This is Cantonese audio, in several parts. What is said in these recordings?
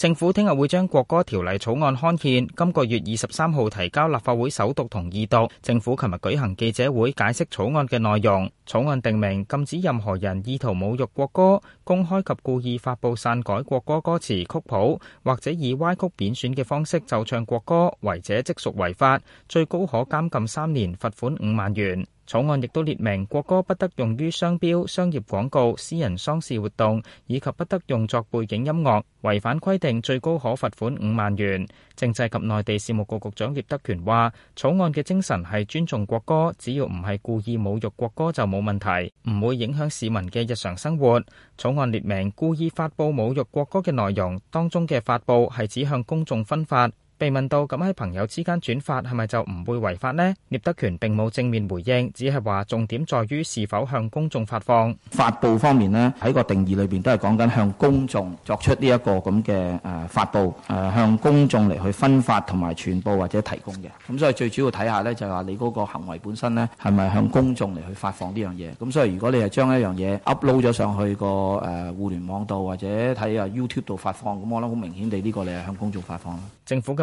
政府聽日會將國歌條例草案刊憲，今個月二十三號提交立法會首讀同二讀。政府琴日舉行記者會解釋草案嘅內容。草案定明禁止任何人意圖侮辱國歌、公開及故意發布篡改國歌歌詞曲譜，或者以歪曲貶損嘅方式奏唱國歌，違者即屬違法，最高可監禁三年、罰款五萬元。草案亦都列明，國歌不得用於商標、商業廣告、私人喪事活動，以及不得用作背景音樂。違反規定，最高可罰款五萬元。政制及內地事務局局長聶德權話，草案嘅精神係尊重國歌，只要唔係故意侮辱國歌就冇問題，唔會影響市民嘅日常生活。草案列明，故意發布侮辱國歌嘅內容，當中嘅發布係指向公眾分發。被問到咁喺朋友之間轉發係咪就唔會違法呢？聶德權並冇正面回應，只係話重點在於是否向公眾發放。發布方面呢，喺個定義裏邊都係講緊向公眾作出呢一個咁嘅誒發布誒向公眾嚟去分發同埋傳播或者提供嘅。咁所以最主要睇下呢，就係話你嗰個行為本身呢，係咪向公眾嚟去發放呢樣嘢？咁所以如果你係將一樣嘢 upload 咗上去個誒互聯網度或者睇下 YouTube 度發放，咁我諗好明顯地呢個你係向公眾發放啦。政府嘅。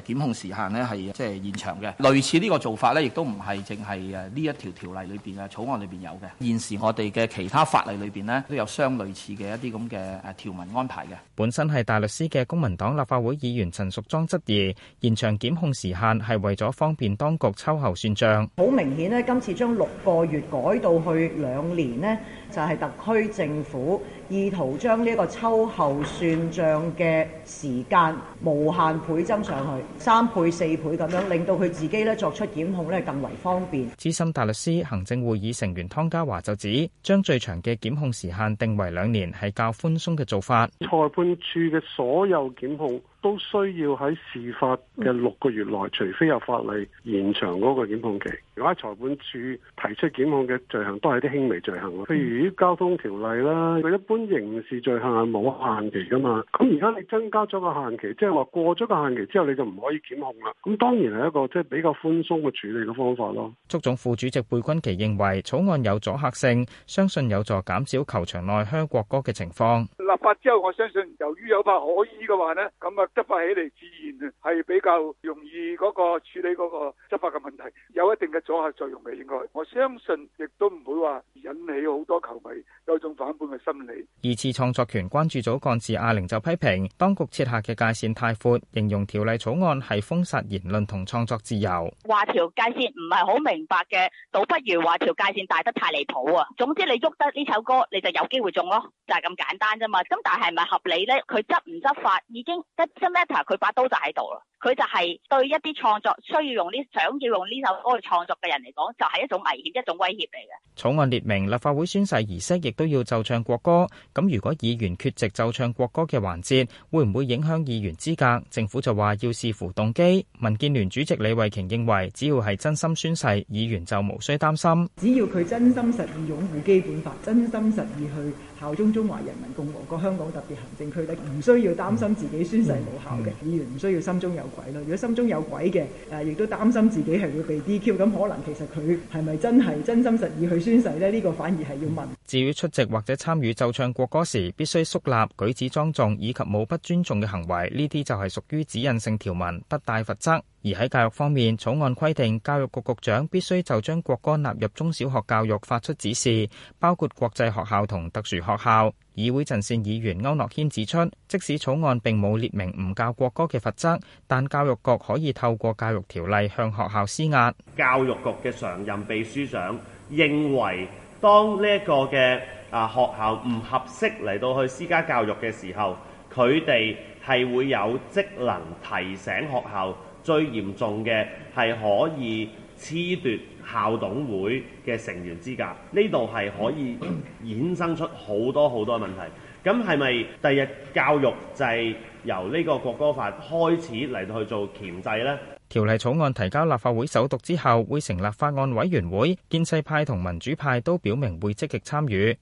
檢控時限呢係即係延長嘅，類似呢個做法呢，亦都唔係淨係誒呢一條條例裏邊嘅草案裏邊有嘅，現時我哋嘅其他法例裏邊呢，都有相類似嘅一啲咁嘅誒條文安排嘅。本身係大律師嘅公民黨立法會議員陳淑莊質疑延長檢控時限係為咗方便當局秋後算帳。好明顯呢，今次將六個月改到去兩年呢，就係特區政府。意圖將呢個秋後算賬嘅時間無限倍增上去三倍、四倍咁樣，令到佢自己咧作出檢控咧，更為方便。資深大律師、行政會議成員湯家驊就指，將最長嘅檢控時限定為兩年係較寬鬆嘅做法。裁判處嘅所有檢控。都需要喺事發嘅六個月內，除非有法例延長嗰個檢控期。如果喺裁判處提出檢控嘅罪行，都係啲輕微罪行。譬如啲交通條例啦，佢、嗯、一般刑事罪行係冇限期噶嘛。咁而家你增加咗個限期，即係話過咗個限期之後你就唔可以檢控啦。咁當然係一個即係比較寬鬆嘅處理嘅方法咯。足總副主席貝君琪認為草案有阻嚇性，相信有助減少球場內唱國歌嘅情況。立法之後，我相信由於有法可依嘅話呢。咁啊～執法起嚟自然係比較容易嗰個處理嗰個執法嘅問題，有一定嘅阻嚇作用嘅。應該我相信，亦都唔會話引起好多球迷有一種反叛嘅心理。二次創作權關注組幹事阿玲就批評，當局設下嘅界線太闊，形容條例草案係封殺言論同創作自由。話條界線唔係好明白嘅，倒不如話條界線大得太離譜啊！總之你喐得呢首歌，你就有機會中咯，就係咁簡單啫嘛。咁但係係咪合理呢？佢執唔執法已經得。Matter，佢把刀就喺度啦。佢就係對一啲創作需要用呢、想要用呢首歌去創作嘅人嚟講，就係一種危險、一種威脅嚟嘅。草案列明，立法會宣誓儀式亦都要奏唱國歌。咁如果議員缺席奏唱國歌嘅環節，會唔會影響議員資格？政府就話要視乎動機。民建聯主席李慧瓊認為，只要係真心宣誓，議員就無需擔心。只要佢真心實意擁護基本法，真心實意去效忠中華人民共和國香港特別行政區，嘅唔需要擔心自己宣誓無效嘅議員，唔需要心中有鬼如果心中有鬼嘅，誒亦都擔心自己係會被 DQ，咁可能其實佢係咪真係真心實意去宣誓呢？呢、這個反而係要問。至於出席或者參與奏唱國歌時，必須肅立、舉止莊重，以及冇不尊重嘅行為，呢啲就係屬於指引性條文，不帶罰則。而喺教育方面，草案規定教育局局長必須就將國歌納入中小學教育發出指示，包括國際學校同特殊學校。議會陣線議員歐諾軒指出，即使草案並冇列明唔教國歌嘅罰則，但教育局可以透過教育條例向學校施壓。教育局嘅常任秘書長認為，當呢一個嘅啊學校唔合適嚟到去私家教育嘅時候，佢哋係會有職能提醒學校。最嚴重嘅係可以褫奪校董會嘅成員資格，呢度係可以衍生出好多好多問題。咁係咪第日教育制由呢個國歌法開始嚟到去做鉗制呢？條例草案提交立法會首讀之後，會成立法案委員會，建制派同民主派都表明會積極參與。